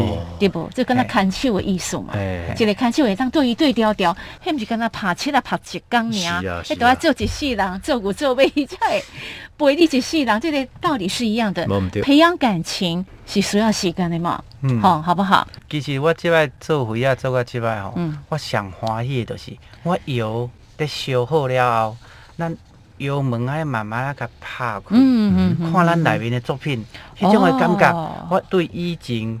嗯、對不，就跟他牽手嘅意思嘛，一個牽手下當對一對調調，迄唔是跟他拍七啊拍一工爾，喺度啊做一世人，啊、人，做古做未來，呵呵才會培養一世人，這個道理是一樣的。嗯、培養感情是需要時間嘅嘛，好、嗯哦，好不好？其實我即擺做回啊，做個即擺吼，我上歡喜嘅就是我油得燒好了後，咱油門愛慢慢個拍開，嗯、看咱內面嘅作品，迄、嗯嗯、種嘅感覺、哦，我對以前。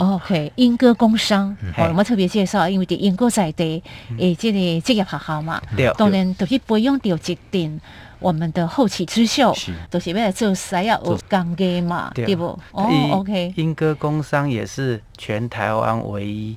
哦、okay,，k 鶯歌工商，嗯、我們特別介紹，因為啲鶯歌在地誒，即係職業學校嘛，當然都是培養到一定我們的後起之秀，是，都、就是咩就係要有鋼琴嘛，對，對不？哦、oh,，OK，鶯歌工商也是全台灣唯一。